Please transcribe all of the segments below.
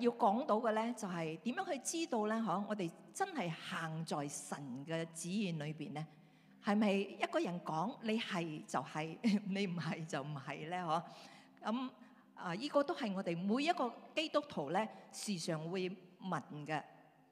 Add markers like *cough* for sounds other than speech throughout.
要講到嘅咧，就係點樣去知道咧？嗬，我哋真係行在神嘅旨意裏邊咧，係咪一個人講，你係就係、是，你唔係就唔係咧？嗬，咁啊，依、啊這個都係我哋每一個基督徒咧，時常會問嘅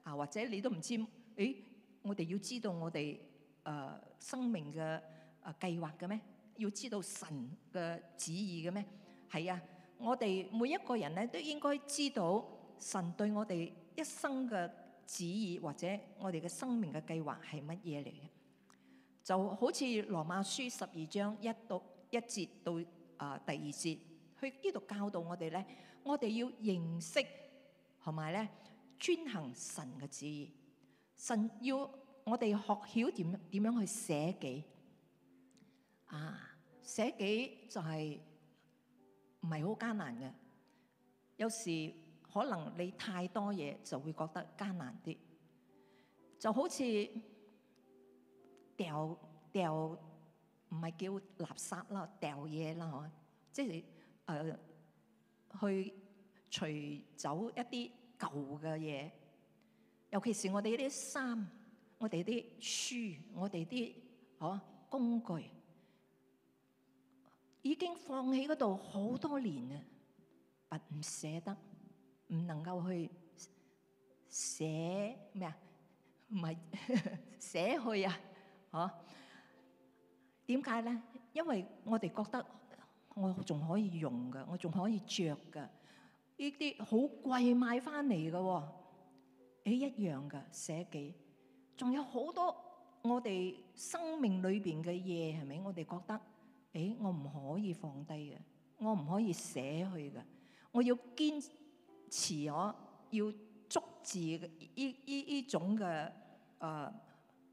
啊，或者你都唔知？誒、欸，我哋要知道我哋誒、呃、生命嘅誒、呃、計劃嘅咩？要知道神嘅旨意嘅咩？係啊。我哋每一個人咧，都應該知道神對我哋一生嘅旨意，或者我哋嘅生命嘅計劃係乜嘢嚟嘅。就好似羅馬書十二章一到一節到啊、呃、第二節，佢呢度教導我哋咧，我哋要認識同埋咧，遵行神嘅旨意。神要我哋學曉點點樣去捨己。啊，捨己就係、是。唔係好艱難嘅，有時可能你太多嘢就會覺得艱難啲，就好似掉掉唔係叫垃圾啦，掉嘢啦，嗬即係誒去除走一啲舊嘅嘢，尤其是我哋啲衫、我哋啲書、我哋啲嗬工具。已經放喺嗰度好多年啦，不唔捨得，唔能夠去捨咩啊？唔係捨去啊，嗬、啊？點解咧？因為我哋覺得我仲可以用噶，我仲可以着噶，呢啲好貴買翻嚟噶，誒、欸、一樣噶，捨己？仲有好多我哋生命裏邊嘅嘢，係咪？我哋覺得。誒、欸，我唔可以放低嘅，我唔可以捨去嘅，我要堅持，我要捉住依依依種嘅誒、呃、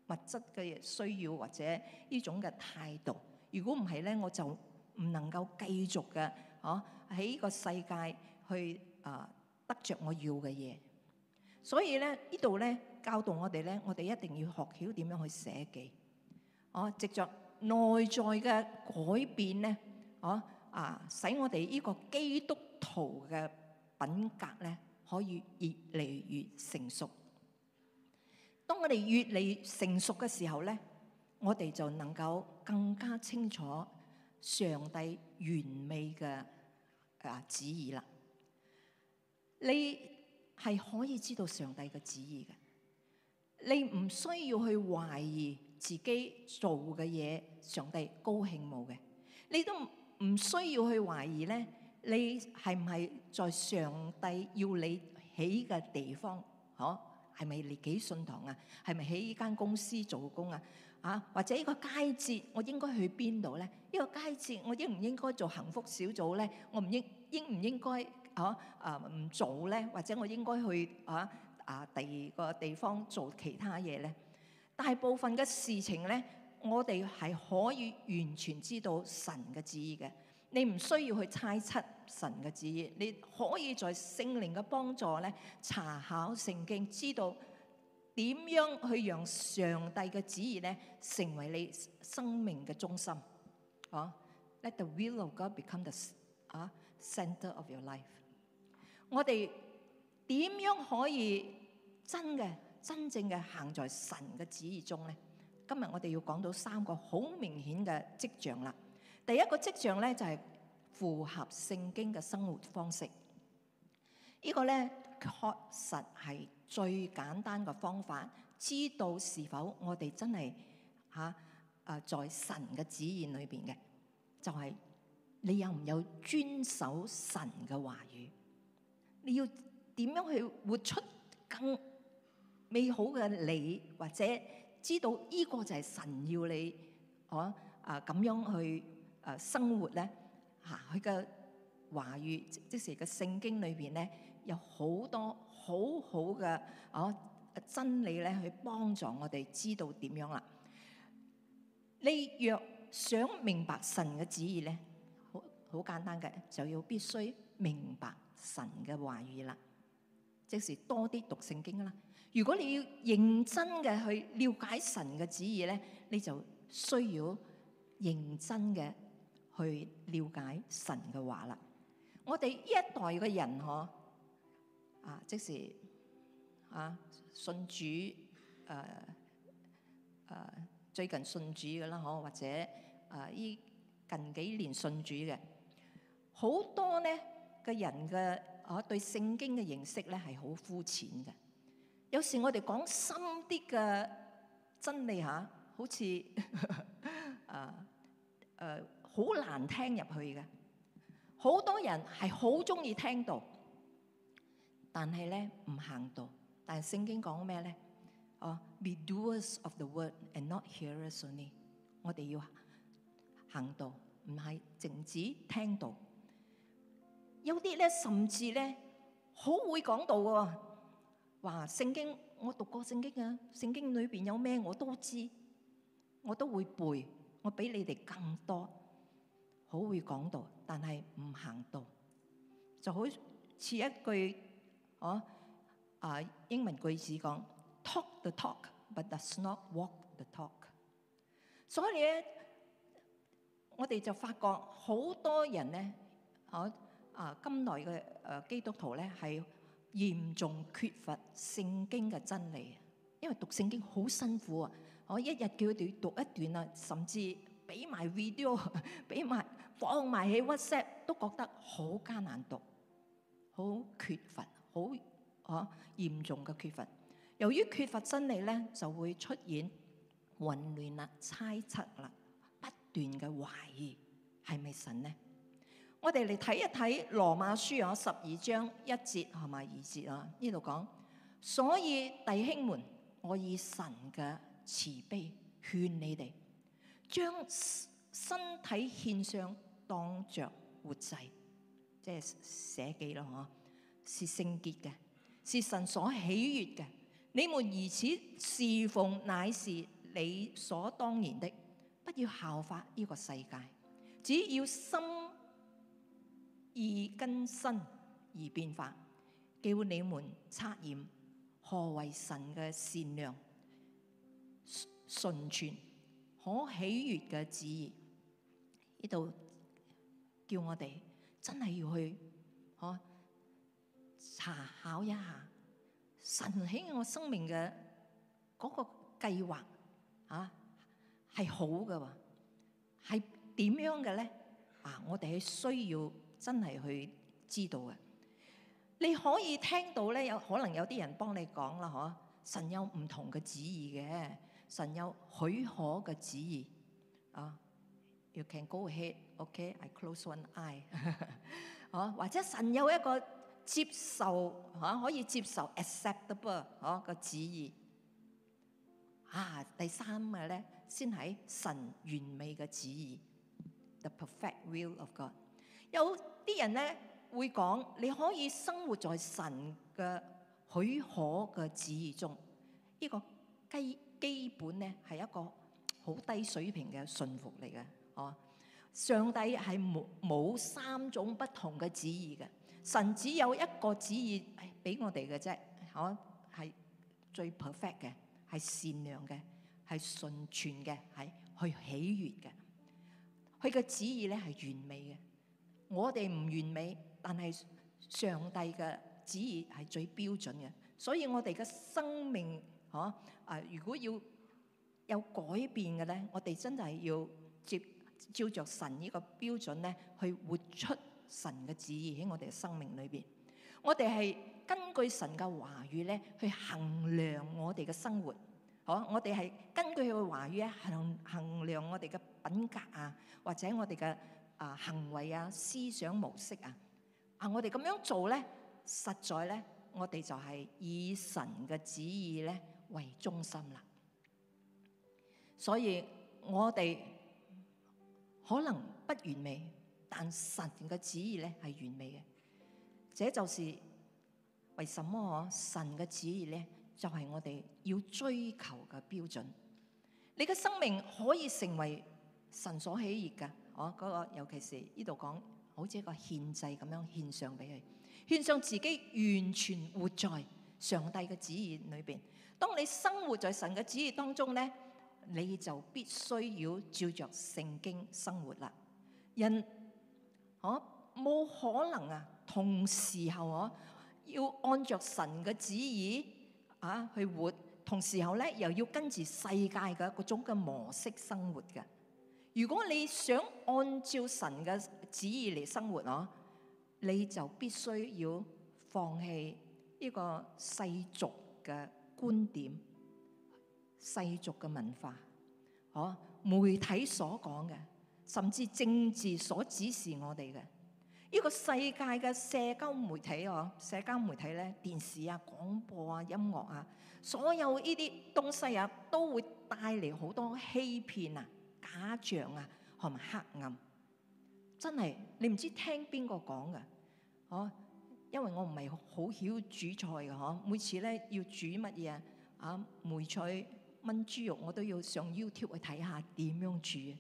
物質嘅需要或者依種嘅態度。如果唔係咧，我就唔能夠繼續嘅，嗬喺呢個世界去誒、啊、得着我要嘅嘢。所以咧，呢度咧教導我哋咧，我哋一定要學曉點樣去捨己，我、啊、執著。內在嘅改變呢，哦啊，使我哋呢個基督徒嘅品格呢，可以越嚟越成熟。當我哋越嚟越成熟嘅時候呢，我哋就能夠更加清楚上帝完美嘅旨意啦。你係可以知道上帝嘅旨意嘅，你唔需要去懷疑。自己做嘅嘢，上帝高興冇嘅，你都唔需要去懷疑咧。你係唔係在上帝要你起嘅地方？嗬，係咪嚟幾信堂啊？係咪喺呢間公司做工啊？啊，或者呢個階段，我應該去邊度咧？呢個階段，我應唔應該做幸福小組咧？我唔應應唔應該嗬，啊唔做咧？或者我應該去啊，啊第二個地方做其他嘢咧？大部分嘅事情咧，我哋係可以完全知道神嘅旨意嘅。你唔需要去猜測神嘅旨意，你可以在聖靈嘅幫助咧，查考聖經，知道點樣去讓上帝嘅旨意咧成為你生命嘅中心。啊，uh，Let the will of God become the 啊 center of your life。我哋點樣可以真嘅？真正嘅行在神嘅旨意中咧，今日我哋要講到三個好明顯嘅跡象啦。第一個跡象咧就係、是、符合聖經嘅生活方式。這個、呢個咧確實係最簡單嘅方法。知道是否我哋真係吓誒，在神嘅旨意裏邊嘅，就係、是、你有唔有遵守神嘅話語？你要點樣去活出更？美好嘅你，或者知道呢個就係神要你，我啊咁啊樣去啊生活咧，吓佢嘅話語，即時嘅聖經裏邊咧，有好多好好嘅我真理咧，去幫助我哋知道點樣啦。你若想明白神嘅旨意咧，好好簡單嘅，就要必須明白神嘅話語啦。即是多啲讀聖經啦。如果你要認真嘅去了解神嘅旨意咧，你就需要認真嘅去了解神嘅話啦。我哋呢一代嘅人嗬，啊，即是啊信主，誒、啊、誒、啊、最近信主嘅啦，呵、啊，或者誒依、啊、近幾年信主嘅，好多呢嘅人嘅。哦，對聖經嘅認識咧係好膚淺嘅，有時我哋講深啲嘅真理嚇，好似誒誒好難聽入去嘅，好多人係好鍾意聽道，但係咧唔行道。但係聖經講咩咧？哦，Be doers of the word and not hearers only。我哋要行道，唔係淨止聽道。有啲咧，甚至咧，好會講道嘅，話聖經，我讀過聖經啊。聖經裏邊有咩我都知，我都會背。我比你哋更多，好會講道，但係唔行道，就好似一句哦啊英文句子講：Talk the talk but does not walk the talk。所以咧，我哋就發覺好多人咧，哦。啊，今代嘅誒基督徒咧，係嚴重缺乏聖經嘅真理，因為讀聖經好辛苦啊！我一日叫佢哋讀一段啊，甚至俾埋 video，俾埋放埋喺 WhatsApp，都覺得好艱難讀，好缺乏，好啊嚴重嘅缺乏。由於缺乏真理咧，就會出現混亂啦、猜測啦、不斷嘅懷疑，係咪神呢？我哋嚟睇一睇羅馬書有十二章一節同埋二節啊，呢度講，所以弟兄們，我以神嘅慈悲勸你哋，將身體獻上當着活祭，即係捨己咯，嗬，是聖潔嘅，是神所喜悅嘅。你們如此侍奉，乃是理所當然的，不要效法呢個世界，只要心。以更新而變化，叫你們測驗何為神嘅善良、純全可喜悅嘅旨意。呢度叫我哋真係要去啊查考一下神喺我生命嘅嗰個計劃啊，係好嘅，係點樣嘅咧？啊，我哋係需要。真係去知道嘅，你可以聽到咧，有可能有啲人幫你講啦。嗬，神有唔同嘅旨意嘅，神有許可嘅旨意啊。Uh, you can go ahead, okay? I close one eye。 *laughs* 或者神有一個接受嚇、啊，可以接受 acceptable 嗬、啊、嘅旨意。啊，第三個咧，先喺神完美嘅旨意，the perfect will of God。有啲人咧會講，你可以生活在神嘅許可嘅旨意中，呢、這個基基本咧係一個好低水平嘅順服嚟嘅。哦、啊，上帝係冇冇三種不同嘅旨意嘅，神只有一個旨意俾我哋嘅啫。哦、啊，係最 perfect 嘅，係善良嘅，係純全嘅，係去喜悅嘅。佢嘅旨意咧係完美嘅。我哋唔完美，但係上帝嘅旨意係最標準嘅，所以我哋嘅生命，嗬、啊，誒、呃，如果要有改變嘅咧，我哋真係要接照着神呢個標準咧，去活出神嘅旨意喺我哋嘅生命裏邊。我哋係根據神嘅話語咧，去衡量我哋嘅生活，嗬、啊，我哋係根據佢嘅話語咧，衡衡量我哋嘅品格啊，或者我哋嘅，啊，行為啊，思想模式啊，啊，我哋咁樣做呢，實在呢，我哋就係以神嘅旨意呢為中心啦。所以我哋可能不完美，但神嘅旨意呢係完美嘅。這就是為什麼神嘅旨意呢就係、是、我哋要追求嘅標準。你嘅生命可以成為神所喜悅嘅。我嗰，哦那個，尤其是呢度講，好似一個獻祭咁樣獻上俾佢，獻上自己完全活在上帝嘅旨意裏邊。當你生活在神嘅旨意當中咧，你就必須要照着聖經生活啦。人，我、哦、冇可能啊，同時候我、啊、要按著神嘅旨意啊去活，同時候咧又要跟住世界嘅一個種嘅模式生活嘅。如果你想按照神嘅旨意嚟生活啊，你就必須要放棄呢個世俗嘅觀點、世俗嘅文化，嗬？媒體所講嘅，甚至政治所指示我哋嘅，呢個世界嘅社交媒體嗬？社交媒體咧，電視啊、廣播啊、音樂啊，所有呢啲東西啊，都會帶嚟好多欺騙啊！打仗啊，同埋黑暗，真係你唔知聽邊個講噶哦。因為我唔係好曉煮菜嘅嗬、啊，每次咧要煮乜嘢啊梅菜燜豬肉，我都要上 YouTube 去睇下點樣煮。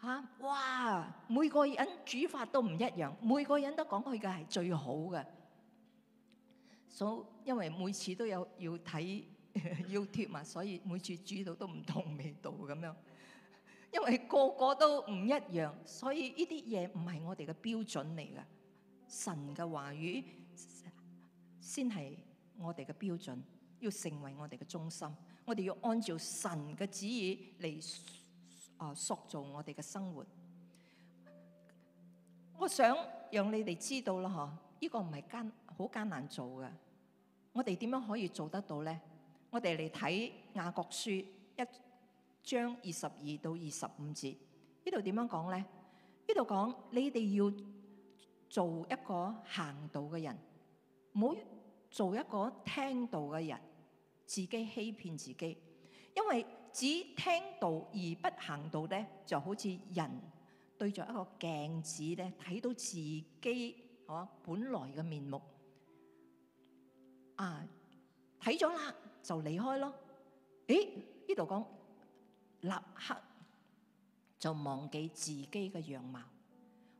吓、啊、哇，每個人煮法都唔一樣，每個人都講佢嘅係最好嘅。所、so, 因為每次都有要睇 *laughs* YouTube 嘛、啊，所以每次煮到都唔同味道咁樣。因為個個都唔一樣，所以呢啲嘢唔係我哋嘅標準嚟嘅。神嘅話語先係我哋嘅標準，要成為我哋嘅中心。我哋要按照神嘅旨意嚟啊塑造我哋嘅生活。我想讓你哋知道啦，嗬，呢個唔係艱好艱難做嘅。我哋點樣可以做得到呢？我哋嚟睇雅各書一。將二十二到二十五節呢度點樣講呢？呢度講，你哋要做一個行道嘅人，唔好做一個聽道嘅人，自己欺騙自己。因為只聽道而不行道呢，就好似人對住一個鏡子咧，睇到自己啊本來嘅面目啊，睇咗啦就離開咯。誒，呢度講。立刻就忘記自己嘅樣貌，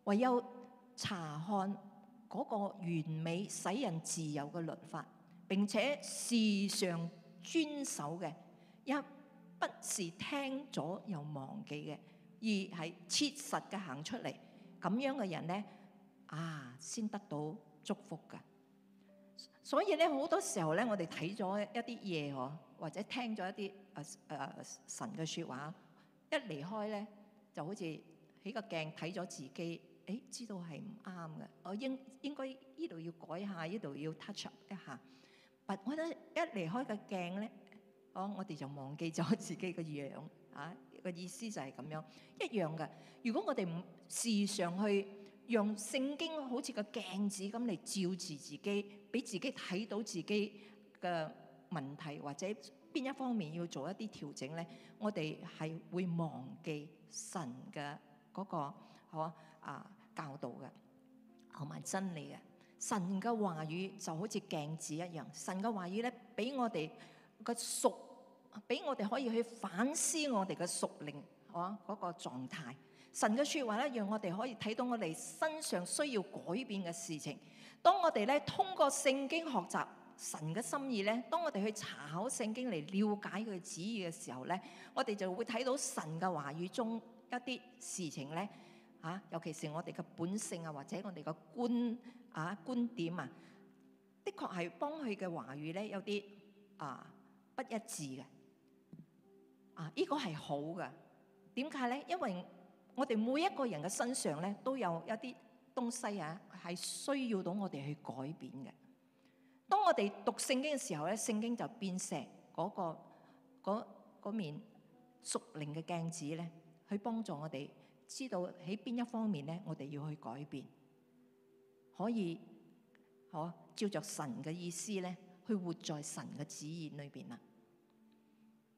唯有查看嗰個完美使人自由嘅律法，並且時常遵守嘅，一不是聽咗又忘記嘅，二係切實嘅行出嚟。咁樣嘅人呢，啊，先得到祝福㗎。所以咧，好多時候咧，我哋睇咗一啲嘢嗬。或者聽咗一啲誒誒神嘅説話，一離開咧就好似起個鏡睇咗自己，誒知道係唔啱嘅，我應應該呢度要改下，呢度要 touch up 一下。但係我覺得一離開個鏡咧、哦，我我哋就忘記咗自己嘅樣啊，個意思就係咁樣一樣嘅。如果我哋唔時常去用聖經好似個鏡子咁嚟照住自己，俾自己睇到自己嘅。問題或者邊一方面要做一啲調整呢？我哋係會忘記神嘅嗰個，嚇啊教導嘅，同埋真理嘅。神嘅話語就好似鏡子一樣，神嘅話語呢，俾我哋個熟，俾我哋可以去反思我哋嘅屬靈，嚇嗰個狀態。神嘅説話呢，讓我哋可以睇到我哋身上需要改變嘅事情。當我哋呢，通過聖經學習。神嘅心意咧，當我哋去查考聖經嚟了解佢旨意嘅時候咧，我哋就會睇到神嘅話語中一啲事情咧，啊，尤其是我哋嘅本性啊，或者我哋嘅觀啊觀點啊，的確係幫佢嘅話語咧有啲啊不一致嘅，啊，這個、呢個係好嘅，點解咧？因為我哋每一個人嘅身上咧都有一啲東西啊，係需要到我哋去改變嘅。當我哋讀聖經嘅時候咧，聖經就變成嗰、那個嗰個面屬靈嘅鏡子咧，去幫助我哋知道喺邊一方面咧，我哋要去改變，可以可、啊、照着神嘅意思咧，去活在神嘅旨意裏邊啦。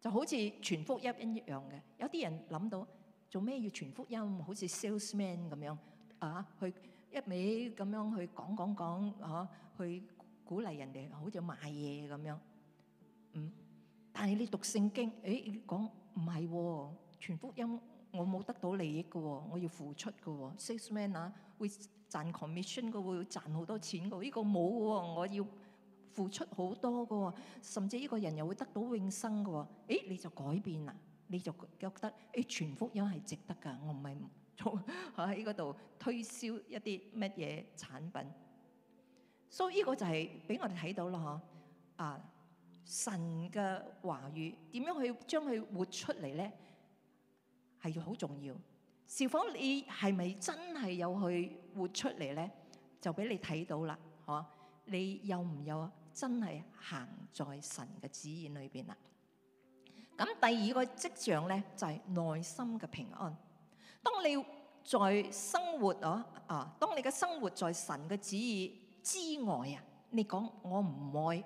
就好似傳福音一樣嘅，有啲人諗到做咩要傳福音，好似 salesman 咁樣啊，去一味咁樣去講講講，嚇、啊、去。鼓勵人哋好似賣嘢咁樣，嗯，但係你讀聖經，誒講唔係全福音，我冇得到利益嘅、哦，我要付出嘅、哦、Salesman 啊會賺 commission 嘅，會賺好多錢嘅，呢、這個冇嘅、哦，我要付出好多嘅、哦，甚至呢個人又會得到永生嘅、哦，誒、哎、你就改變啦，你就覺得誒、哎、全福音係值得㗎，我唔係喺嗰度推銷一啲乜嘢產品。所以呢個就係俾我哋睇到咯嗬，啊、so, uh,，神嘅話語點樣去將佢活出嚟咧，係要好重要。是否你係咪真係有去活出嚟咧？就俾你睇到啦，嗬、uh,，你有唔有真係行在神嘅旨意裏邊啊？咁第二個迹象咧就係、是、內心嘅平安。當你在生活嗬啊，uh, 當你嘅生活在神嘅旨意。之外啊，你講我唔愛，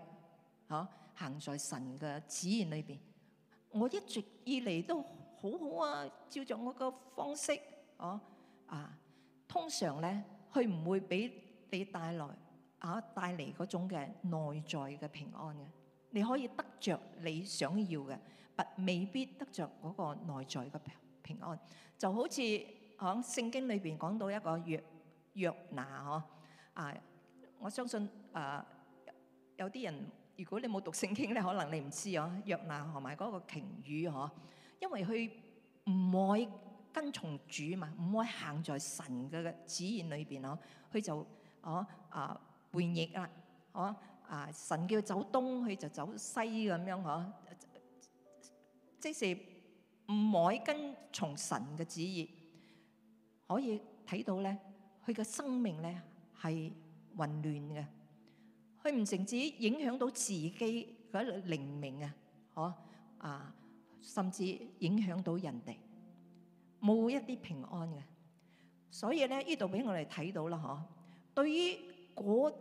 嚇、啊、行在神嘅旨意裏邊，我一直以嚟都好好啊，照着我個方式，哦啊，啊，通常咧佢唔會俾你帶來啊，帶嚟嗰種嘅內在嘅平安嘅。你可以得着你想要嘅，不未必得着嗰個內在嘅平安。就好似喺聖經裏邊講到一個約約拿，嗬啊。啊我相信誒、呃、有啲人，如果你冇讀聖經咧，可能你唔知啊。約拿同埋嗰個鯨魚嗬，因為佢唔會跟從主嘛，唔會行在神嘅嘅旨意裏邊嗬，佢就哦啊叛逆啦，哦、呃、啊、呃呃、神叫走東，佢就走西咁樣嗬，即是唔會跟從神嘅旨意，可以睇到咧，佢嘅生命咧係混亂嘅，佢唔淨止影響到自己佢喺度靈命啊，嗬啊，甚至影響到人哋，冇一啲平安嘅。所以咧，呢度俾我哋睇到啦，嗬。對於嗰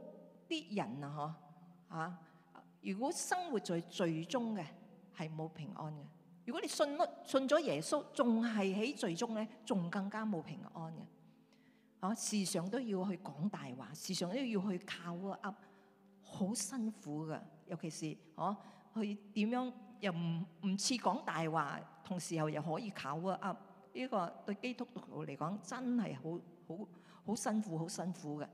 啲人啊，嗬啊，如果生活在最終嘅係冇平安嘅，如果你信乜信咗耶穌，仲係喺罪中咧，仲更加冇平安嘅。哦，時常都要去講大話，時常都要去靠 up，好辛苦噶。尤其是哦、啊，去點樣又唔唔似講大話，同時候又可以靠 up，呢個對基督徒嚟講真係好好好辛苦好辛苦嘅。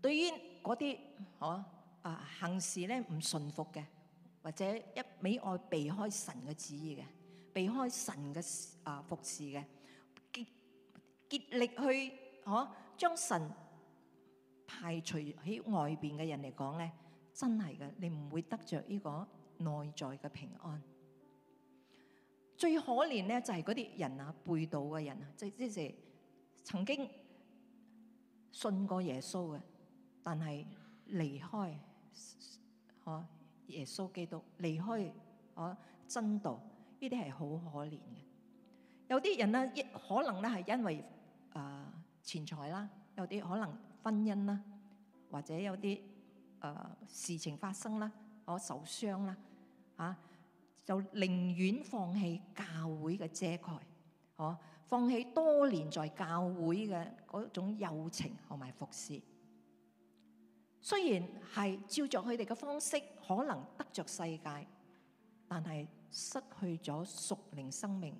對於嗰啲哦啊行事咧唔順服嘅，或者一味愛避開神嘅旨意嘅，避開神嘅啊服侍嘅。竭力去可、啊、將神排除喺外邊嘅人嚟講咧，真係嘅，你唔會得着呢個內在嘅平安。最可憐咧就係嗰啲人啊，背道嘅人啊，即係之前曾經信過耶穌嘅，但係離開可、啊、耶穌基督，離開可、啊、真道，呢啲係好可憐嘅。有啲人咧，亦可能咧係因為。誒錢財啦，有啲可能婚姻啦，或者有啲誒、呃、事情發生啦，我受傷啦，啊，就寧願放棄教會嘅遮蓋，哦、啊，放棄多年在教會嘅嗰種友情同埋服侍。雖然係照着佢哋嘅方式，可能得着世界，但係失去咗屬靈生命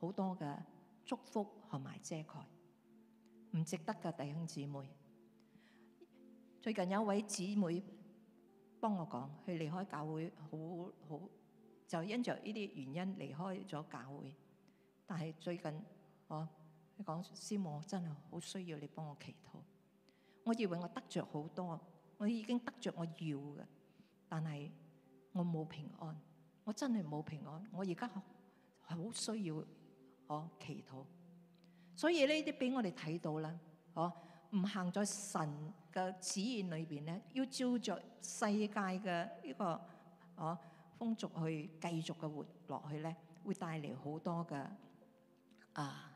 好多嘅祝福同埋遮蓋。唔值得㗎，弟兄姊妹，最近有一位姊妹幫我講，佢離開教會好好，就因着呢啲原因離開咗教會。但係最近我佢講，師母，我真係好需要你幫我祈禱。我以為我得着好多，我已經得着我要嘅，但係我冇平安，我真係冇平安。我而家好需要我祈禱。所以呢啲俾我哋睇到啦，哦、啊，唔行在神嘅指引裏邊咧，要照着世界嘅呢個哦、啊、風俗去繼續嘅活落去咧，會帶嚟好多嘅啊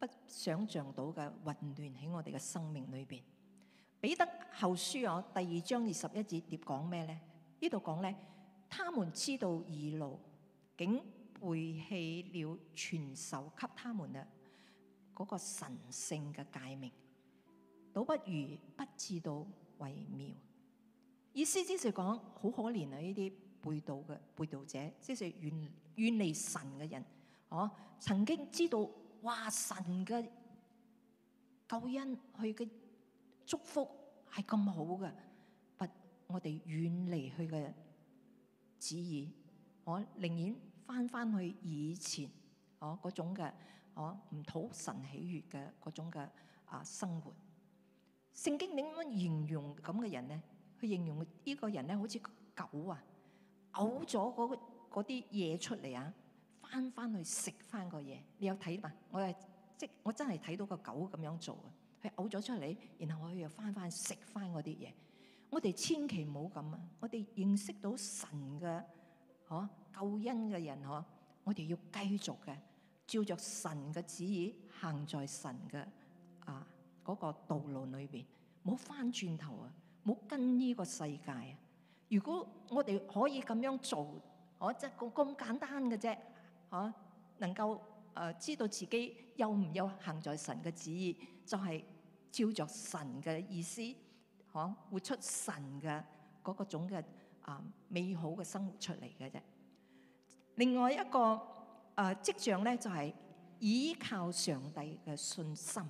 不想象到嘅混亂喺我哋嘅生命裏邊。彼得後書我第二章二十一節點講咩咧？呢度講咧，他們知道義路竟背棄了傳授給他們嘅。嗰個神聖嘅界名，倒不如不知道為妙。意思即是講，好可憐啊！呢啲背道嘅背道者，即是遠遠離神嘅人。哦、啊，曾經知道哇，神嘅救恩，佢嘅祝福係咁好嘅，不，我哋遠離佢嘅旨意。我、啊、寧願翻翻去以前，哦、啊、嗰種嘅。哦，唔討神喜悅嘅嗰種嘅啊生活，聖經點樣形容咁嘅人咧？去形容呢個人咧，好似狗啊，嘔咗嗰啲嘢出嚟啊，翻翻去食翻個嘢。你有睇嘛？我係即我真係睇到個狗咁樣做啊，佢嘔咗出嚟，然後佢又翻翻食翻嗰啲嘢。我哋千祈唔好咁啊！我哋認識到神嘅哦、啊、救恩嘅人哦、啊，我哋要繼續嘅。照著神嘅旨意行在神嘅啊嗰個道路裏邊，唔好翻轉頭啊，唔好跟呢個世界啊！如果我哋可以咁樣做，我即係咁簡單嘅啫，嚇能夠誒知道自己有唔有行在神嘅旨意，就係照著神嘅意思，嚇活出神嘅嗰個種嘅啊美好嘅生活出嚟嘅啫。另外一個。誒跡、呃、象咧就係、是、倚靠上帝嘅信心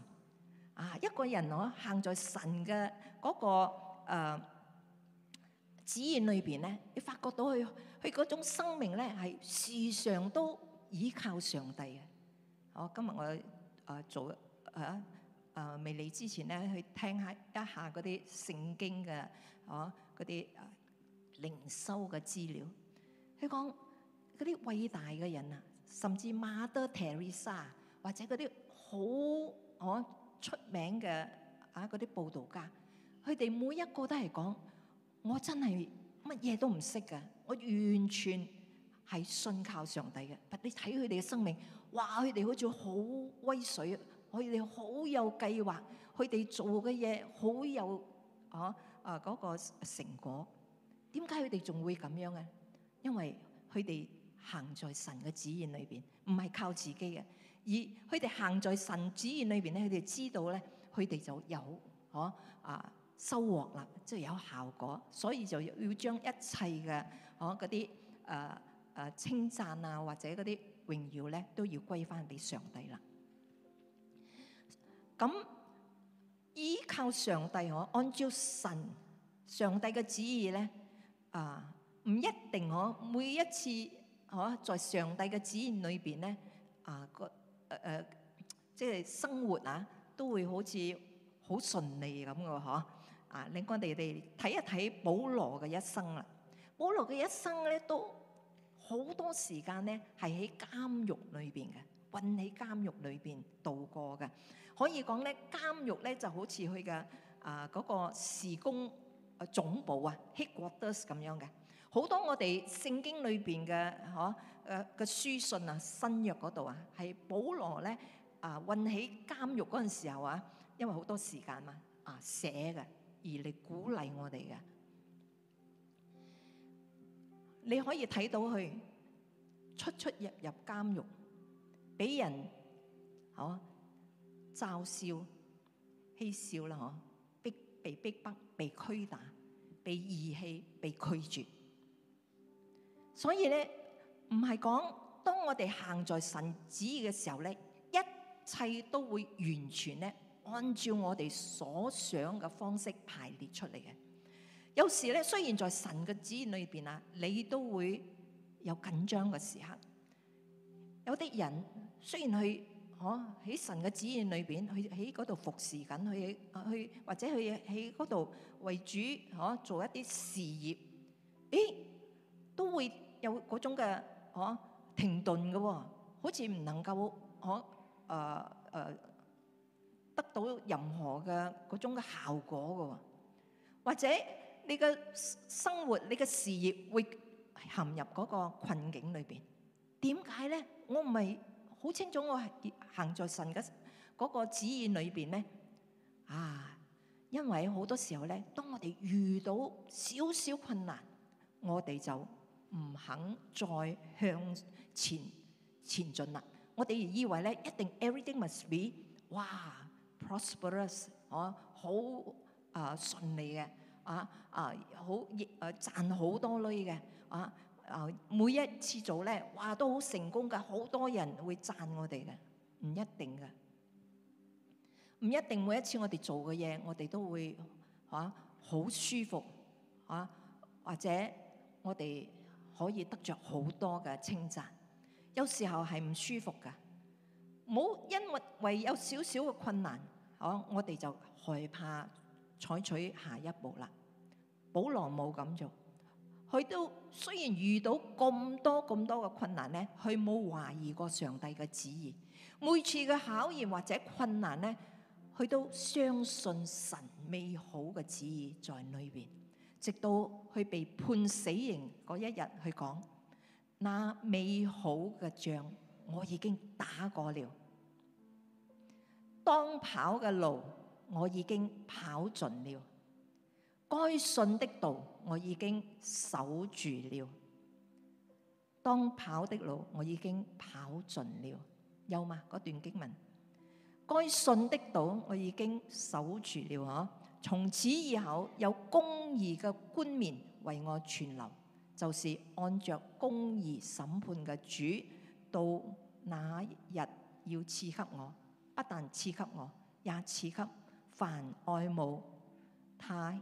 啊！一個人我行在神嘅嗰、那個誒旨意裏邊咧，你、呃、發覺到佢佢嗰種生命咧係事常都倚靠上帝啊！今我今日我誒早啊誒未嚟之前咧去聽下一下嗰啲聖經嘅啊嗰啲誒靈修嘅資料，佢講嗰啲偉大嘅人啊！甚至 Mother Teresa 或者嗰啲好哦出名嘅啊嗰啲佈道家，佢哋每一個都係講我真係乜嘢都唔識嘅，我完全係信靠上帝嘅。你睇佢哋嘅生命，哇！佢哋好似好威水，佢哋好有計劃，佢哋做嘅嘢好有哦啊嗰個成果。點解佢哋仲會咁樣嘅？因為佢哋行在神嘅旨意裏邊，唔係靠自己嘅，而佢哋行在神旨意裏邊咧，佢哋知道咧，佢哋就有哦啊收穫啦，即係有效果，所以就要將一切嘅哦嗰啲誒誒稱讚啊，或者嗰啲榮耀咧，都要歸翻俾上帝啦。咁依靠上帝，我按照神上帝嘅旨意咧啊，唔一定我每一次。嚇！在上帝嘅指引裏邊咧，啊個誒誒，即係生活啊，都會好似好順利咁嘅嚇。啊，令我哋哋睇一睇保羅嘅一生啦。保羅嘅一生咧都好多時間咧係喺監獄裏邊嘅，困喺監獄裏邊度過嘅。可以講咧監獄咧就好似佢嘅啊嗰、那個事工啊總部啊 headquarters 咁樣嘅。好多我哋聖經裏邊嘅嗬，誒嘅書信啊，新約嗰度啊，係保羅咧啊，困喺監獄嗰陣時候啊，因為好多時間嘛啊寫嘅，而嚟鼓勵我哋嘅。你可以睇到佢出出入入監獄，俾人哦嘲笑、欺笑啦，嗬，逼被逼迫、被驅打、被義氣、被拒絕。所以咧，唔係講當我哋行在神旨意嘅時候咧，一切都會完全咧，按照我哋所想嘅方式排列出嚟嘅。有時咧，雖然在神嘅旨意裏邊啊，你都會有緊張嘅時刻。有啲人雖然佢，嗬、啊、喺神嘅旨意裏邊佢喺嗰度服侍緊，佢佢、啊、或者佢喺嗰度為主，嗬、啊、做一啲事業，誒都會。有嗰種嘅可、啊、停頓嘅、哦，好似唔能夠可誒誒得到任何嘅嗰種嘅效果嘅、哦，或者你嘅生活、你嘅事業會陷入嗰個困境裏邊。點解咧？我唔係好清楚，我行在神嘅嗰個旨意裏邊咧。啊，因為好多時候咧，當我哋遇到少少困難，我哋就～唔肯再向前前進啦！我哋以為咧，一定 everything must be 哇 prosperous，啊好啊、呃、順利嘅啊啊好賺好多鐳嘅啊啊每一次做咧哇都好成功嘅。好多人會讚我哋嘅，唔一定嘅。唔一定每一次我哋做嘅嘢，我哋都會啊好舒服啊，或者我哋。可以得着好多嘅稱讚，有時候係唔舒服噶。冇因為為有少少嘅困難，我我哋就害怕採取下一步啦。保羅冇咁做，佢都雖然遇到咁多咁多嘅困難咧，佢冇懷疑過上帝嘅旨意，每次嘅考驗或者困難咧，佢都相信神美好嘅旨意在裏邊。直到佢被判死刑嗰一日，去講：那美好嘅仗，我已經打過了；當跑嘅路，我已經跑盡了；該信的道，我已經守住了；當跑的路，我已經跑盡了。有嗎？嗰段經文，該信的道，我已經守住了。嗬。從此以後有公義嘅冠冕為我存留，就是按着公義審判嘅主，到那日要賜給我，不但賜給我，也賜給凡愛慕他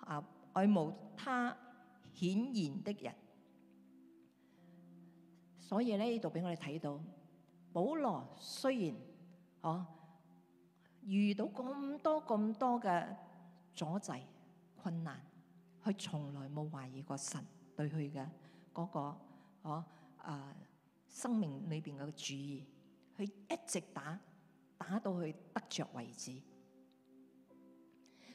啊愛慕他顯現的人。所以呢度俾我哋睇到，保羅雖然哦、啊、遇到咁多咁多嘅，阻滯困難，佢從來冇懷疑過神對佢嘅嗰個我誒、那個呃、生命裏邊嘅旨意。佢一直打打到佢得着為止。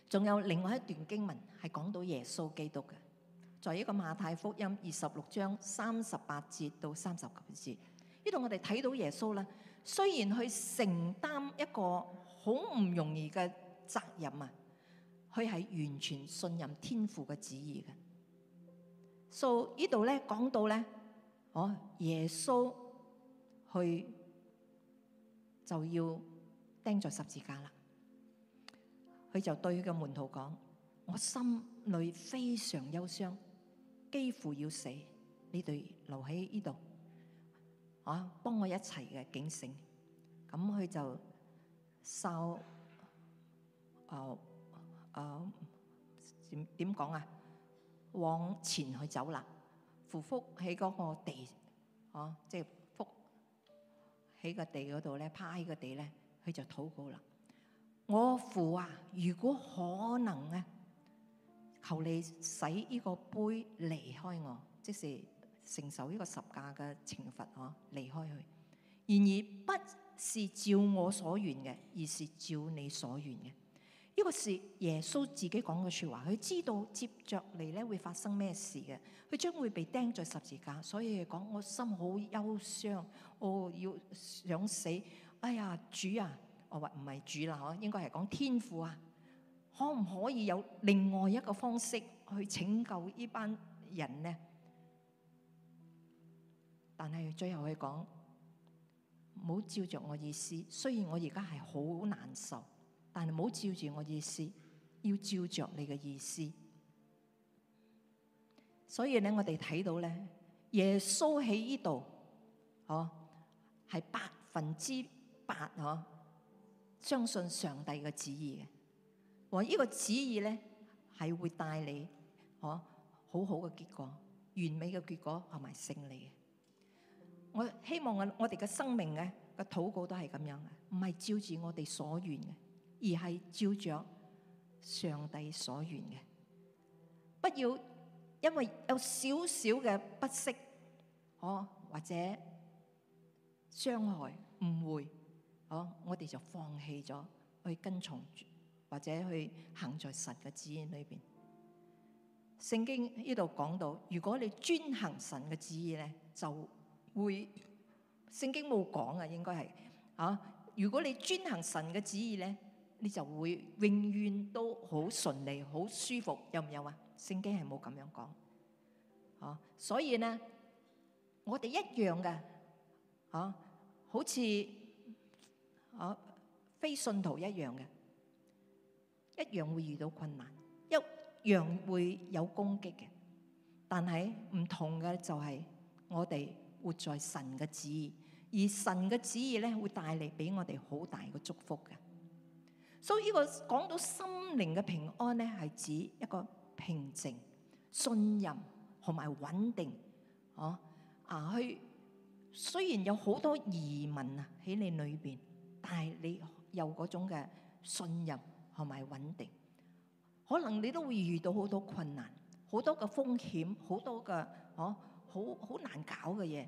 仲有另外一段經文係講到耶穌基督嘅，在一個馬太福音二十六章三十八節到三十九節呢度，我哋睇到耶穌咧，雖然佢承擔一個好唔容易嘅責任啊。佢係完全信任天父嘅旨意嘅，so，所以呢度咧講到咧，哦，耶穌去就要釘咗十字架啦。佢就對佢嘅門徒講：「我心裏非常憂傷，幾乎要死，你哋留喺呢度啊，幫我一齊嘅警醒。」咁，嗯，佢就受，哦啊，點點講啊？往前去走啦，俯伏喺嗰個地，哦、啊，即係伏喺個地嗰度咧，趴喺個地咧，佢就禱告啦。我父啊，如果可能咧、啊，求你使呢個杯離開我，即是承受呢個十架嘅懲罰，哦、啊，離開佢。然而不是照我所願嘅，而是照你所願嘅。呢個是耶穌自己講嘅説話，佢知道接着嚟咧會發生咩事嘅，佢將會被釘在十字架，所以講我心好憂傷，我、哦、要想死，哎呀主啊，我話唔係主啦，應該係講天父啊，可唔可以有另外一個方式去拯救呢班人呢？但係最後佢講唔好照着我意思，雖然我而家係好難受。但係唔好照住我意思，要照着你嘅意思。所以咧，我哋睇到咧，耶穌喺呢度，嗬，係百分之百嗬，相信上帝嘅旨意嘅。我、這、呢個旨意咧係會帶你嗬好好嘅結果、完美嘅結果，同埋勝利嘅。我希望我我哋嘅生命嘅嘅禱告都係咁樣，唔係照住我哋所願嘅。而係照著上帝所願嘅。不要，因為有少少的不適，或者，傷害、誤會，我哋就放棄咗，跟從，或者，搬崇，你就會永遠都好順利、好舒服，有唔有啊？聖經係冇咁樣講。哦，所以呢，我哋一樣嘅，哦，好似哦非信徒一樣嘅，一樣會遇到困難，一樣會有攻擊嘅，但係唔同嘅就係我哋活在神嘅旨意，而神嘅旨意呢會帶嚟俾我哋好大嘅祝福嘅。所以呢個講到心靈嘅平安呢，係指一個平靜、信任同埋穩定，哦啊去、啊。雖然有好多移民啊喺你裏邊，但係你有嗰種嘅信任同埋穩定。可能你都會遇到好多困難、好多嘅風險、啊、好多嘅哦好好難搞嘅嘢，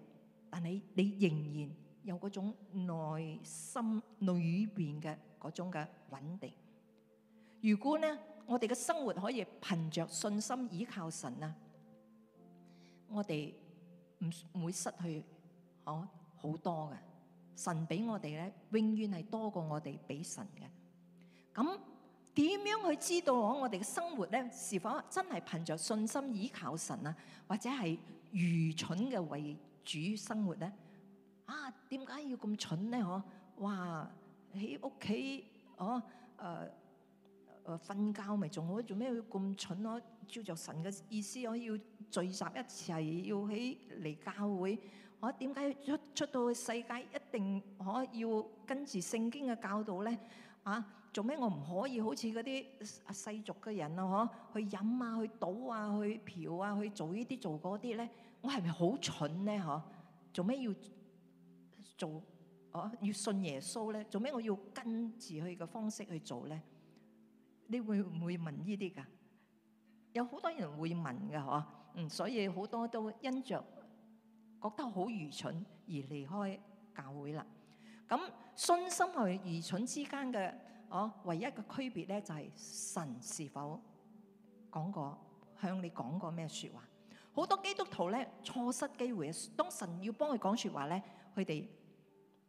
但係你，你仍然有嗰種內心裏邊嘅。嗰種嘅穩定，如果呢，我哋嘅生活可以憑着信心倚靠神啊，我哋唔會失去哦好、啊、多嘅。神俾我哋咧，永遠係多過我哋俾神嘅。咁點樣，樣去知道我我哋嘅生活咧是否真係憑着信心倚靠神啊？或者係愚蠢嘅為主生活咧？啊，點解要咁蠢呢？嗬、啊，哇！喺屋企哦，誒誒瞓覺咪仲好？做咩要咁蠢咯、啊？照着神嘅意思，我、啊、要聚集一齊，要喺嚟教會。我點解出出到世界一定，可要跟住聖經嘅教導咧？啊，做咩、啊、我唔可以好似嗰啲世俗嘅人啊？嗬，去飲啊，去賭啊，去嫖啊，去做、做呢啲做嗰啲咧？我係咪好蠢咧？嗬、啊？做咩要做？哦，要信耶穌咧，做咩？我要跟住佢嘅方式去做咧？你會唔會問呢啲㗎？有好多人會問㗎，嗬。嗯，所以好多都因著覺得好愚蠢而離開教會啦。咁信心同愚蠢之間嘅哦，唯一嘅區別咧就係神是否講過向你講過咩説話？好多基督徒咧錯失機會，當神要幫佢講説話咧，佢哋。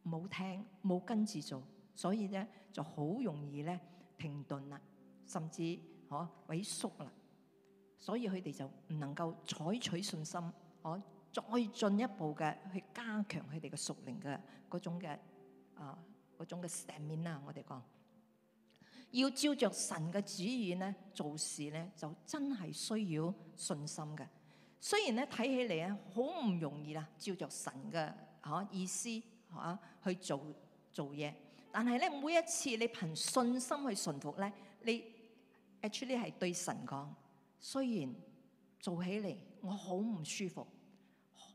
冇聽冇跟住做，所以咧就好容易咧停頓啦，甚至可、啊、萎縮啦。所以佢哋就唔能夠採取信心，可、啊、再進一步嘅去加強佢哋嘅屬靈嘅嗰種嘅啊嗰種嘅石面啦。我哋講要照着神嘅旨意咧做事咧，就真係需要信心嘅。雖然咧睇起嚟啊，好唔容易啦，照着神嘅嚇、啊、意思。吓、啊、去做做嘢，但係咧，每一次你憑信心去信服咧，你 actually 係對神講：雖然做起嚟我好唔舒服，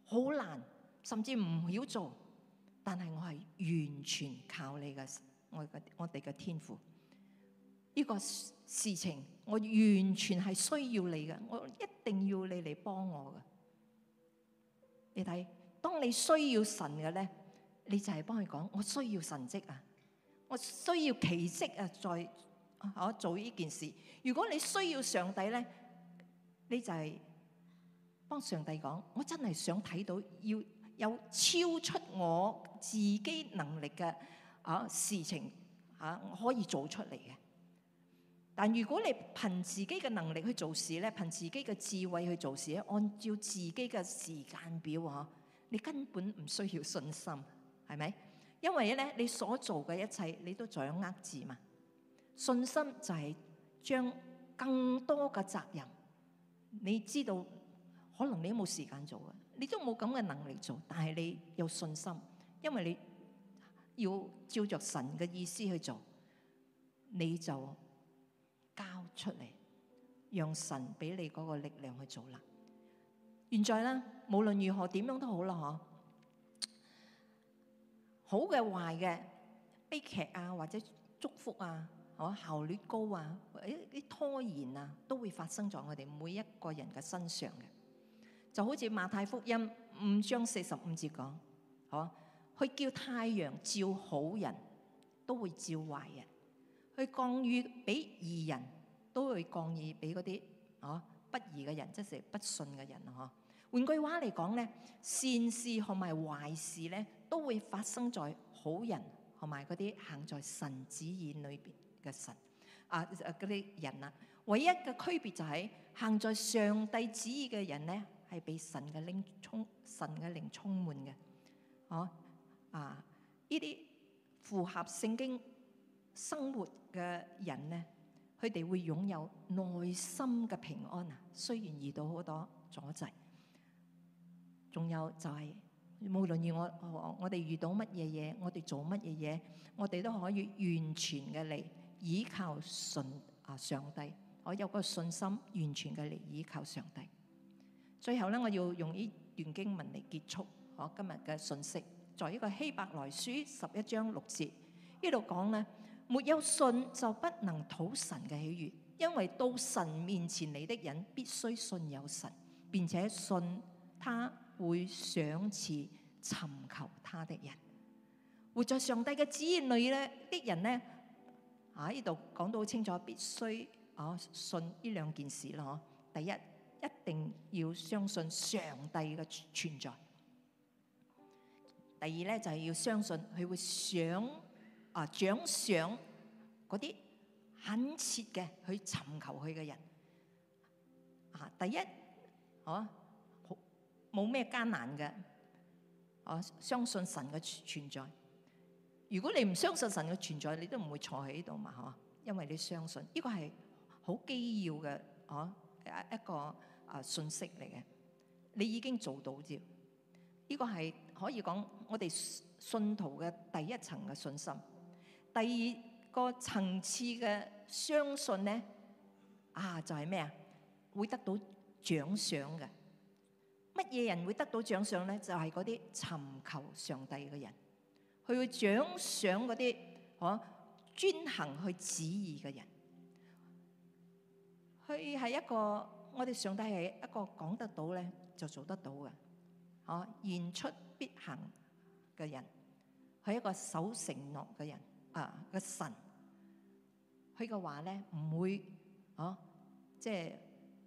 好難，甚至唔曉做，但係我係完全靠你嘅我嘅我哋嘅天賦呢、這個事情，我完全係需要你嘅，我一定要你嚟幫我嘅。你睇，當你需要神嘅咧。你就係幫佢講，我需要神跡啊！我需要奇跡啊！再啊，做呢件事。如果你需要上帝呢，你就係幫上帝講，我真係想睇到要有超出我自己能力嘅啊事情嚇，啊，可以做出嚟嘅。但如果你憑自己嘅能力去做事呢，憑自己嘅智慧去做事咧，按照自己嘅時間表啊，你根本唔需要信心。係咪？因為咧，你所做嘅一切，你都掌握住嘛。信心就係將更多嘅責任，你知道可能你都冇時間做啊，你都冇咁嘅能力做，但係你有信心，因為你要照着神嘅意思去做，你就交出嚟，讓神俾你嗰個力量去做啦。現在咧，無論如何點樣都好啦，嗬。好嘅、壞嘅、悲劇啊，或者祝福啊，係效率高啊，或啲、啊哎哎、拖延啊，都會發生在我哋每一個人嘅身上嘅。就好似馬太福音五章四十五節講，係、啊、嘛？去叫太陽照好人，都會照壞人；去降雨俾義人，都會降雨俾嗰啲啊不義嘅人，即係不信嘅人啊！換句話嚟講咧，善事同埋壞事咧，都會發生在好人同埋嗰啲行在神旨意裏邊嘅神啊，嗰啲人啊，唯一嘅區別就係、是、行在上帝旨意嘅人咧，係被神嘅靈充神嘅靈充滿嘅哦啊！呢、啊、啲符合聖經生活嘅人咧，佢哋會擁有內心嘅平安啊，雖然遇到好多阻滯。仲有就係、是、無論而我我哋遇到乜嘢嘢，我哋做乜嘢嘢，我哋都可以完全嘅嚟倚靠信啊上帝，我有嗰個信心，完全嘅嚟倚靠上帝。最後咧，我要用呢段經文嚟結束我今日嘅訊息，在呢個希伯來書十一章六節呢度講咧，沒有信就不能討神嘅喜悅，因為到神面前嚟的人必須信有神，並且信他。會賞賜尋求他的人，活在上帝嘅指引裏咧，啲人咧喺呢度講到好清楚，必須啊信呢兩件事啦，啊，第一，一定要相信上帝嘅存在；第二咧就係、是、要相信佢會賞、啊獎賞嗰啲懇切嘅去尋求佢嘅人啊。第一，嗬、啊。冇咩艱難嘅，啊！相信神嘅存在。如果你唔相信神嘅存在，你都唔會坐喺呢度嘛，吓、啊！因為你相信，呢、呢個係好基要嘅，啊，一個啊信息嚟嘅。你已經做到住，呢、呢個係可以講我哋信徒嘅第一層嘅信心。第二個層次嘅相信咧，啊，就係咩啊？會得到獎賞嘅。乜嘢人會得到獎賞呢？就係嗰啲尋求上帝嘅人，佢會獎賞嗰啲哦專行去旨意嘅人。佢係一個我哋上帝係一個講得到呢，就做得到嘅，哦、啊、言出必行嘅人，佢係一個守承諾嘅人啊嘅、啊、神，佢嘅話呢，唔會哦、啊、即係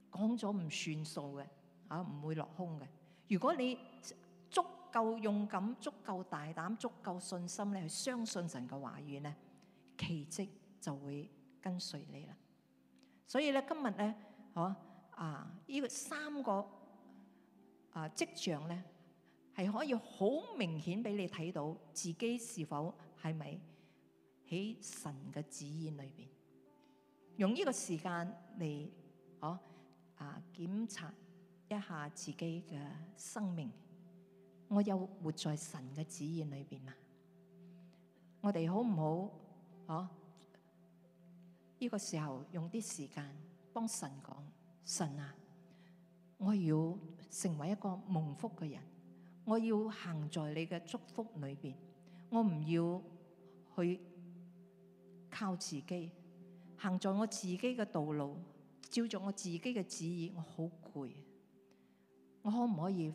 講咗唔算數嘅。啊！唔會落空嘅。如果你足夠勇敢、足夠大膽、足夠信心咧，去相信神嘅話語呢，奇蹟就會跟隨你啦。所以咧，今日咧，我啊呢、啊這個、三個啊跡象咧，係可以好明顯俾你睇到自己是否係咪喺神嘅旨意裏邊，用呢個時間嚟，我啊檢查。啊檢一下自己嘅生命，我又活在神嘅旨意裏邊啦。我哋好唔好？哦、啊、呢、這個時候用啲時間幫神講神啊！我要成為一個蒙福嘅人，我要行在你嘅祝福裏邊，我唔要去靠自己，行在我自己嘅道路，照着我自己嘅旨意，我好攰。我可唔可以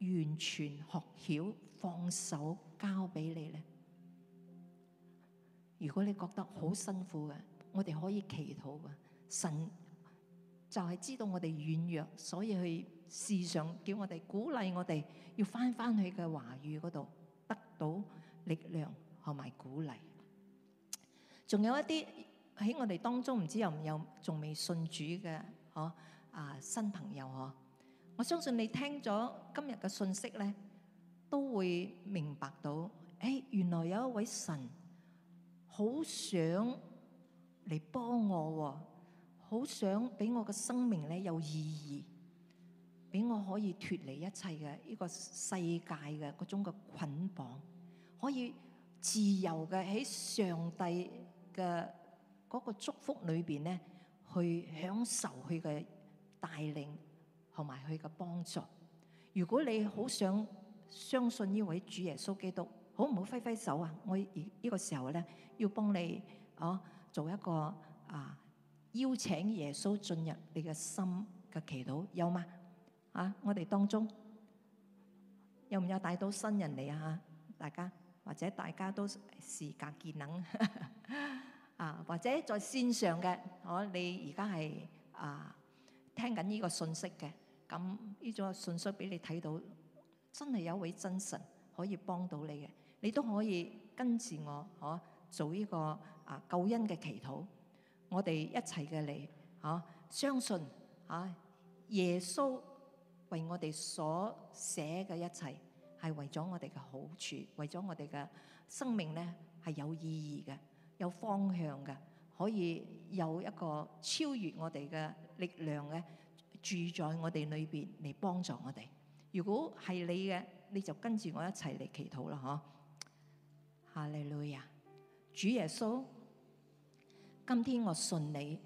完全學曉放手交俾你呢？如果你覺得好辛苦嘅，我哋可以祈禱嘅。神就係知道我哋軟弱，所以去試想叫我哋鼓勵我哋，要翻翻去嘅華語嗰度得到力量同埋鼓勵。仲有一啲喺我哋當中，唔知有唔有仲未信主嘅？嗬啊，啊，新朋友嗬。我相信你聽咗今日嘅信息呢，都會明白到，誒、欸，原來有一位神好想嚟幫我、哦，好想俾我嘅生命呢，有意義，俾我可以脫離一切嘅呢個世界嘅嗰種嘅捆綁，可以自由嘅喺上帝嘅嗰個祝福裏邊呢，去享受佢嘅帶領。同埋佢嘅幫助，如果你好想相信呢位主耶穌基督，好唔好揮揮手啊？我而呢個時候咧，要幫你哦做一個啊邀請耶穌進入你嘅心嘅祈禱，有嗎？啊，我哋當中有唔有帶到新人嚟啊？大家或者大家都時隔見能 *laughs* 啊，或者在線上嘅，我、啊、你而家係啊聽緊呢個信息嘅。咁呢種信息俾你睇到，真係有位真神可以幫到你嘅，你都可以跟住我，嚇、啊、做呢個啊救恩嘅祈禱。我哋一齊嘅你，嚇、啊、相信啊耶穌為我哋所寫嘅一切係為咗我哋嘅好處，為咗我哋嘅生命咧係有意義嘅，有方向嘅，可以有一個超越我哋嘅力量嘅，住在我哋裏邊嚟幫助我哋。如果係你嘅，你就跟住我一齊嚟祈禱啦，嗬！哈利路亞，主耶穌，今天我信你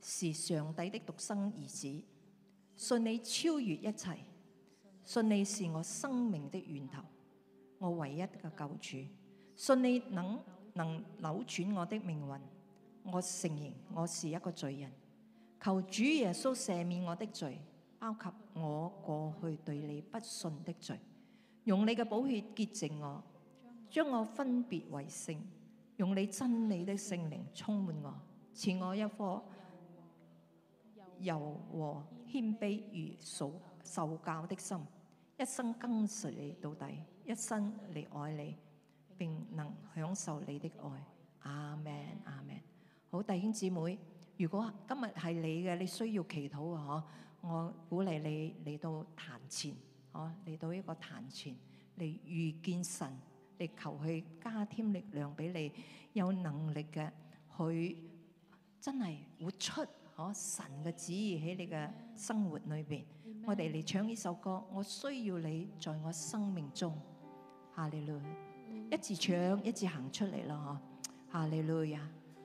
是上帝的獨生兒子，信你超越一切，信你是我生命的源頭，我唯一嘅救主，信你能能扭轉我的命運。我承認我是一個罪人。求主耶穌赦免我的罪，包括我過去對你不信的罪，用你嘅寶血潔淨我，將我分別為聖，用你真理的聖靈充滿我，賜我一顆柔和謙卑如數受教的心，一生跟隨你到底，一生嚟愛你，並能享受你的愛。阿門，阿門。好，弟兄姊妹。如果今日係你嘅，你需要祈禱啊！嗬，我鼓勵你嚟到壇前，嗬，嚟到一個壇前嚟遇見神，嚟求佢加添力量俾你，有能力嘅去真係活出嗬神嘅旨意喺你嘅生活裏邊。Amen. 我哋嚟唱呢首歌，我需要你在我生命中。哈利路亞，一直唱，一直行出嚟咯，嗬，哈利路亞。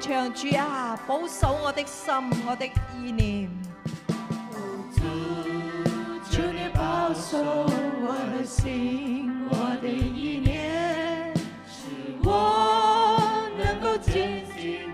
唱住啊，保守我的心，我的意念。主，你保守我的心，我的意念，使我能夠堅定。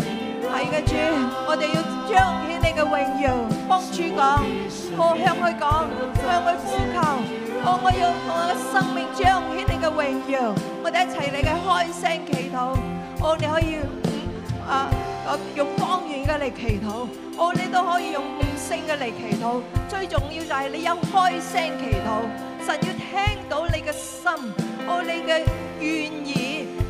係嘅主，我哋要彰顯你嘅榮耀，幫主講，我向佢講，向佢呼求，我、哦、我要我嘅生命彰顯你嘅榮耀，我哋一齊嚟，你嘅開聲祈禱，我、哦、你可以啊啊用方言嘅，嚟祈禱，我、哦、你都可以用悟性嘅，嚟祈禱，最重要就係你有開聲祈禱，神要聽到你嘅心，我、哦、你嘅願意。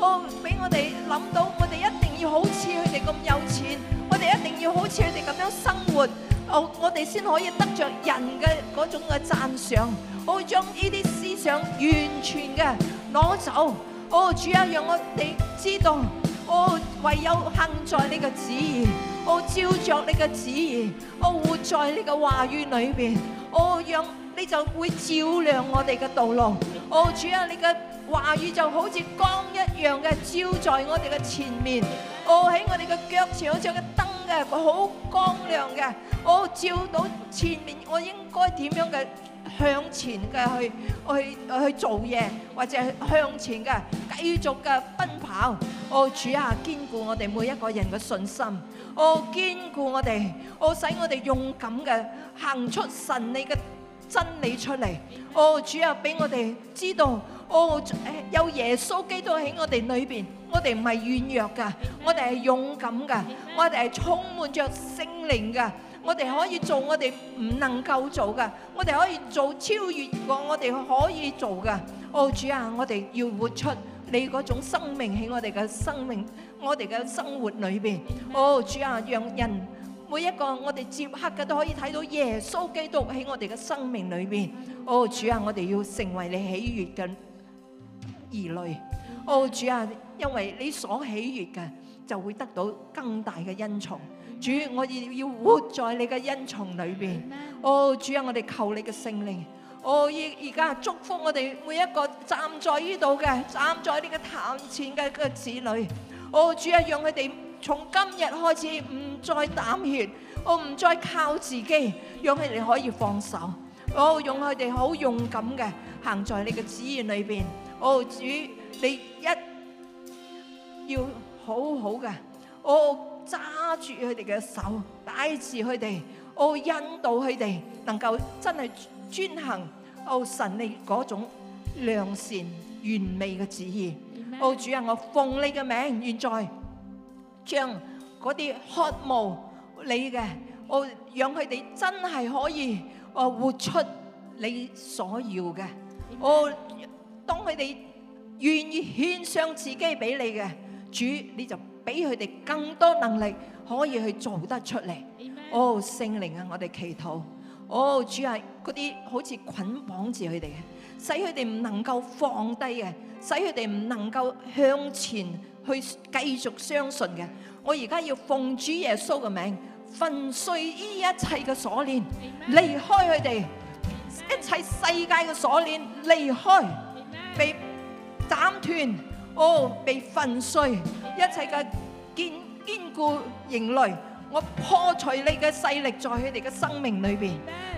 哦，俾我哋諗到，我哋一定要好似佢哋咁有錢，我哋一定要好似佢哋咁樣生活，哦，我哋先可以得着人嘅嗰種嘅讚賞。我會、哦、將呢啲思想完全嘅攞走。哦，主要讓我哋知道，哦，唯有行在你嘅旨意，我、哦、照着你嘅旨意，我、哦、活在你嘅話語裏邊，我、哦、若。讓你就會照亮我哋嘅道路。哦，主啊，你嘅話語就好似光一樣嘅照在我哋嘅前面。哦，喺我哋嘅腳前好似個燈嘅，好光亮嘅。哦，照到前面，我應該點樣嘅向前嘅去去去做嘢，或者向前嘅繼續嘅奔跑。哦，主啊，堅固我哋每一個人嘅信心。哦，堅固我哋，我使我哋勇敢嘅行出神你嘅。真理出嚟，哦主啊，俾我哋知道，哦有耶穌基督喺我哋裏邊，我哋唔係軟弱噶，我哋係勇敢噶，我哋係充滿着聖靈噶，我哋可以做我哋唔能夠做噶，我哋可以做超越過我哋可以做噶，哦主啊，我哋要活出你嗰種生命喺我哋嘅生命，我哋嘅生活裏邊，哦主啊，讓人。每一個我哋接黑嘅都可以睇到耶穌基督喺我哋嘅生命裏邊。哦，主啊，我哋要成為你喜悦嘅兒女。哦，主啊，因為你所喜悦嘅就會得到更大嘅恩寵。主，我哋要活在你嘅恩寵裏邊。哦，主啊，我哋求你嘅聖靈。哦，而而家祝福我哋每一個站在呢度嘅，站在呢個壇前嘅嘅子女。哦，主啊，讓佢哋。從今日開始,唔再膽怯,我唔再靠自己,讓佢哋可以放手,哦,用佢哋好勇敢嘅,行在你嘅旨意裡邊,哦,主,你一將嗰啲渴慕你嘅，我讓佢哋真係可以哦活出你所要嘅。哦，當佢哋願意獻上自己俾你嘅主，你就俾佢哋更多能力可以去做得出嚟。哦，聖靈啊，我哋祈禱。哦，主啊，嗰啲好似捆綁住佢哋嘅，使佢哋唔能夠放低嘅，使佢哋唔能夠向前。去繼續相信嘅，我而家要奉主耶穌嘅名，粉碎於一切嘅鎖鏈，離開佢哋，一切世界嘅鎖鏈，離開，被斬斷，哦，被粉碎，一切嘅堅堅固營壘，我破除你嘅勢力，在佢哋嘅生命裏邊，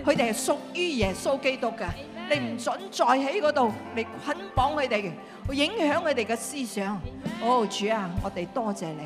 佢哋係屬於耶穌基督嘅。你唔准再喺嗰度嚟捆綁佢哋，會影響佢哋嘅思想。哦，Amen. oh, 主啊，我哋多謝你。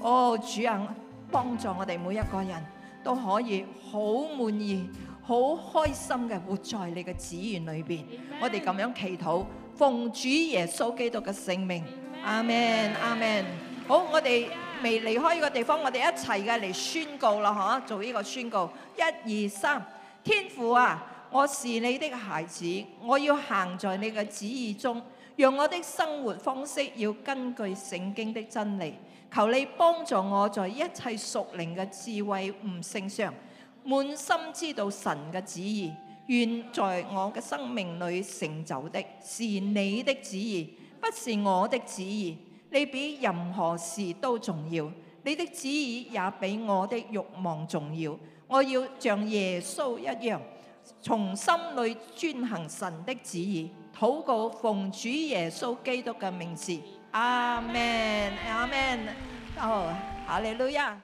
哦，oh，主啊，幫助我哋每一個人都可以好滿意、好開心嘅活在你嘅子園裏邊。Amen. 我哋咁樣祈禱，奉主耶穌基督嘅聖名。阿門，阿門。好，我哋未離開呢個地方，我哋一齊嘅嚟宣告啦，嗬，做呢個宣告。一二三，天父啊！我是你的孩子，我要行在你嘅旨意中，讓我的生活方式要根據聖經的真理。求你幫助我在一切屬靈嘅智慧悟性上，滿心知道神嘅旨意。願在我嘅生命裏成就的，是你的旨意，不是我的旨意。你比任何事都重要，你的旨意也比我的欲望重要。我要像耶穌一樣。從心裏遵行神的旨意，禱告奉主耶穌基督嘅名字。阿門，阿門，哦，哈利路亞。